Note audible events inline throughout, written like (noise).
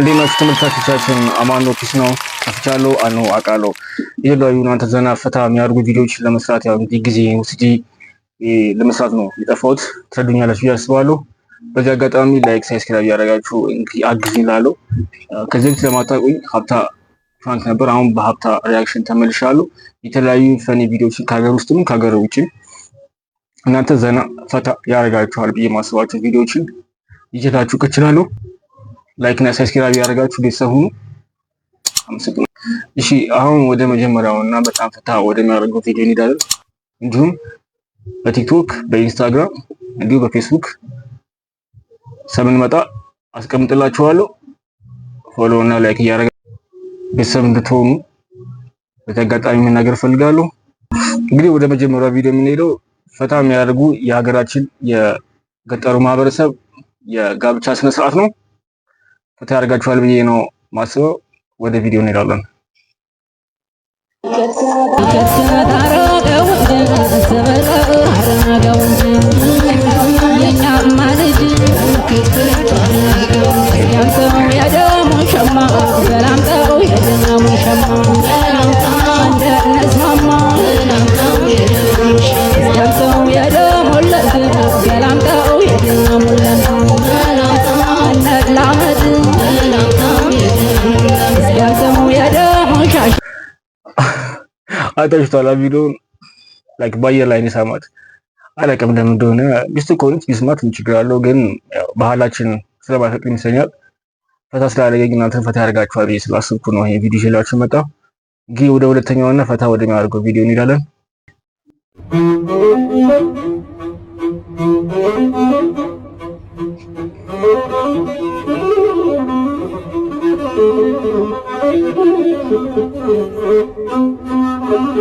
እንዴናችሁ ተመልካቾቻችን፣ አማን ሎኪስ ነው ከፍቻለሁ። አኖ አቃሎ የተለያዩ እናንተ ዘና ፈታ የሚያደርጉ ቪዲዮዎች ለመስራት ያው እንግዲህ ጊዜ ውስጂ ለመስራት ነው የጠፋሁት። ትረዱኛላችሁ እያስባለሁ። በዚህ አጋጣሚ ላይክ፣ ሳብስክራይብ ያደረጋችሁ አግዝ ይላለሁ። ከዚህ በፊት ለማታውቁኝ ሀብታ ፍራንክ ነበር። አሁን በሀብታ ሪያክሽን ተመልሻለሁ። የተለያዩ ፈኒ ቪዲዮዎችን ከሀገር ውስጥም ከሀገር ውጭም እናንተ ዘና ፈታ ያደረጋችኋል ብዬ ማስባቸው ቪዲዮዎችን ይዤላችሁ እችላለሁ። ላይክ እና ሰብስክራይብ ያደርጋችሁ ቤተሰብ ሁኑ። እሺ አሁን ወደ መጀመሪያው እና በጣም ፈታ ወደሚያደርገው ቪዲዮ እንሄዳለን። እንዲሁም በቲክቶክ በኢንስታግራም እንዲሁ በፌስቡክ ሰምንመጣ አስቀምጥላችኋለሁ። ፎሎ እና ላይክ እያደረጋችሁ ቤተሰብ እንድትሆኑ በዚህ አጋጣሚ መናገር እፈልጋለሁ። እንግዲህ ወደ መጀመሪያው ቪዲዮ የምንሄደው ፈታ የሚያደርጉ የሀገራችን የገጠሩ ማህበረሰብ የጋብቻ ስነስርዓት ነው። ታደርጋችኋል ብዬ ነው ማስበው። ወደ ቪዲዮ እንሄዳለን። ሸማ አይታችሁታል። ቪዲዮን ላይክ ባየር ላይ ሳማት አላቅም እንደምን እንደሆነ ሚስቱ ከሆነች ቢስማት ችግር አለው፣ ግን ባህላችን ስለማይፈቅድ ይመስለኛል። ፈታ ስላደረገኝ እናንተን ፈታ ያደርጋችኋል ብዬ ስላስብኩ ነው ይሄ ቪዲዮ ይዤላችሁ መጣ። ጊዜ ወደ ሁለተኛው እና ፈታ ወደሚያደርገው ቪዲዮ እንሄዳለን።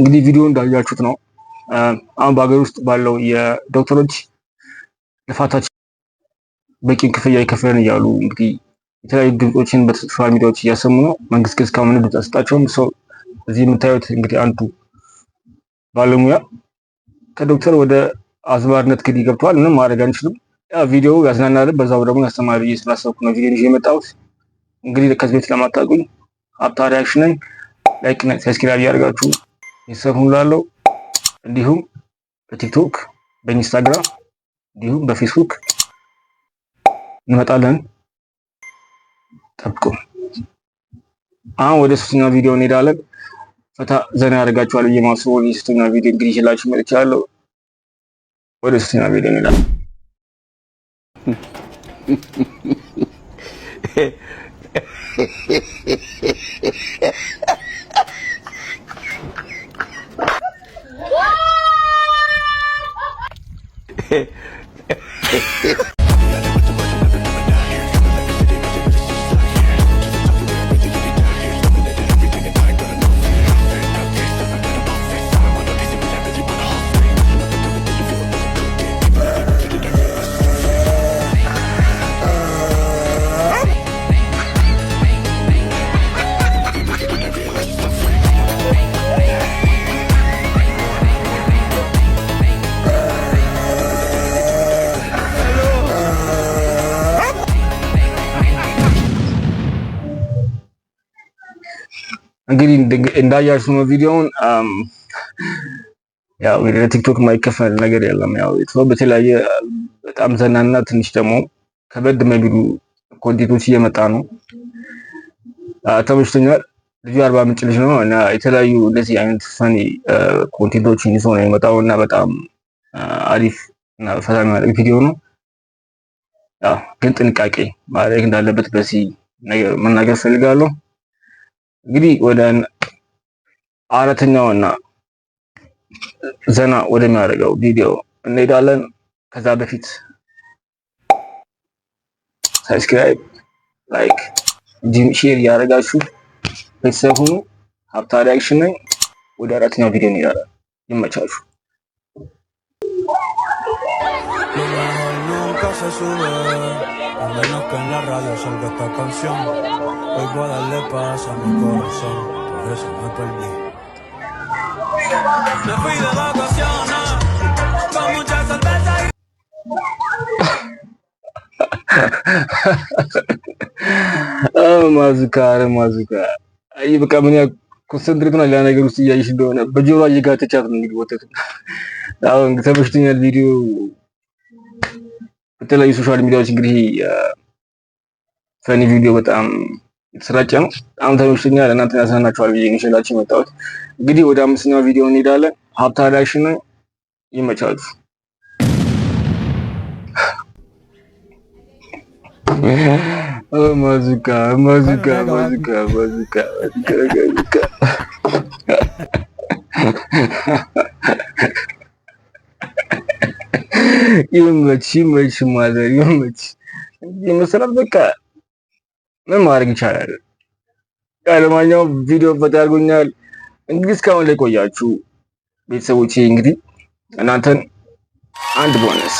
እንግዲህ ቪዲዮ እንዳያችሁት ነው። አሁን በሀገር ውስጥ ባለው የዶክተሮች ልፋታችን በቂን ክፍያ ይከፍለን እያሉ እንግዲህ የተለያዩ ድምጾችን በሶሻል ሚዲያዎች እያሰሙ ነው። መንግስት ግን እስካሁን ድምፅ አልሰጣቸውም። ሰው እዚህ የምታዩት እንግዲህ አንዱ ባለሙያ ከዶክተር ወደ አዝማሪነት ግዲ ገብተዋል። ምንም ማድረግ አንችልም። ቪዲዮ ያዝናናል፣ በዛው ደግሞ ያስተማሪ ስላሰብኩ ነው ቪዲዮ ይዤ የመጣሁት። እንግዲህ ከዚህ ቤት ለማታውቁኝ ሀብታ ሪያክሽን ነኝ። ላይክ እና ሰብስክራይብ ያደርጋችሁ ቤተሰብ ሁኑ ላለው እንዲሁም በቲክቶክ በኢንስታግራም እንዲሁም በፌስቡክ እንመጣለን። ጠብቁ። አሁን ወደ ሶስተኛ ቪዲዮ እንሄዳለን። ፈታ ዘና ያደርጋችኋል ብዬ ማስበው የሶስተኛ ቪዲዮ እንግዲህ ይችላችሁ መጥቻለሁ። ወደ ሶስተኛ ቪዲዮ እንሄዳለን። (laughs) Hey. (laughs) እንግዲህ እንዳያችሁ ነው ቪዲዮውን። ያው ለቲክቶክ የማይከፈል ነገር የለም። ያው በተለያየ በጣም ዘናና ትንሽ ደግሞ ከበድ የሚሉ ኮንቴንቶች እየመጣ ነው። ተመችቶኛል። ልጁ አርባ ምንጭ ልጅ ነው እና የተለያዩ እንደዚህ አይነት ፈኒ ኮንቴንቶችን ይዞ ነው የመጣው እና በጣም አሪፍ እና ፈታ የሚያደርግ ቪዲዮ ነው። ግን ጥንቃቄ ማድረግ እንዳለበት በዚህ ነገር መናገር ፈልጋለሁ። እንግዲህ ወደ አራተኛውና ዘና ወደሚያደርገው ቪዲዮ እንሄዳለን። ከዛ በፊት ሰብስክራይብ፣ ላይክ፣ ጂም ሼር እያደረጋችሁ ቤተሰብ ሁኑ። ሀብታ ሪያክሽን ነኝ። ወደ አራተኛው ቪዲዮ እንሄዳለን። ይመቻችሁ። Al menos que en la radio salga esta canción. Hoy voy a darle a mi corazón. Por eso me perdí. Me fui de vacaciones con muchas cerveza y. (laughs) oh, mazuka, mazuka. Ahí va a venir a concentrar con la negrosidad y si no, pero yo voy a llegar a echar un Ahora, ¿sabes el video? የተለያዩ ሶሻል ሚዲያዎች እንግዲህ ፈኒ ቪዲዮ በጣም የተሰራጨ ነው። በጣም ተመችቶኛል። እናንተ ያዝናናችኋል ብዬ ይሸላችሁ የመጣሁት እንግዲህ ወደ አምስተኛው ቪዲዮ እንሄዳለን። ሀብታ ሪያክሽን ይመቻችሁ። ማዚቃ ማዚቃ ማዚቃ ማዚቃ ማዚቃ ይመች ይመች ማዘር ይመች ይመስላል። በቃ ምን ማድረግ ይቻላል። ለማንኛውም ቪዲዮ ፈታ ያርጎኛል። እንግዲህ እስካሁን ላይ ቆያችሁ ቤተሰቦቼ፣ እንግዲህ እናንተን አንድ ቦነስ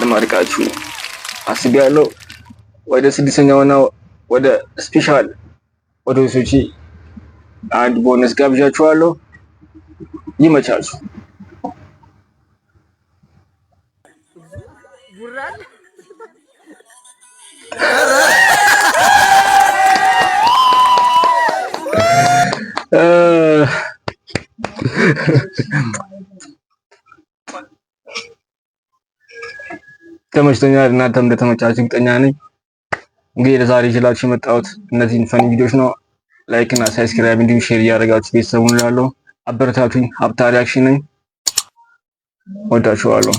ለማድረጋችሁ አስቤያለሁ። ወደ ስድስተኛውና ወደ ስፔሻል ወደ ቤተሰቦቼ አንድ ቦነስ ጋብዣችኋለሁ። ይመቻችሁ። ተመችቶኛል። እናንተም እንደተመቻችሁ እርግጠኛ ነኝ። እንግዲህ ለዛሬ ይችላችሁ የመጣሁት እነዚህን ፈኒ ቪዲዮዎች ነው። ላይክ እና ሳብስክራይብ እንዲሁም ሼር እያደረጋችሁ ቤተሰቡን ላለው አበረታቱኝ። ሀብታ ሪያክሽን ነኝ። ወዳችኋለሁ።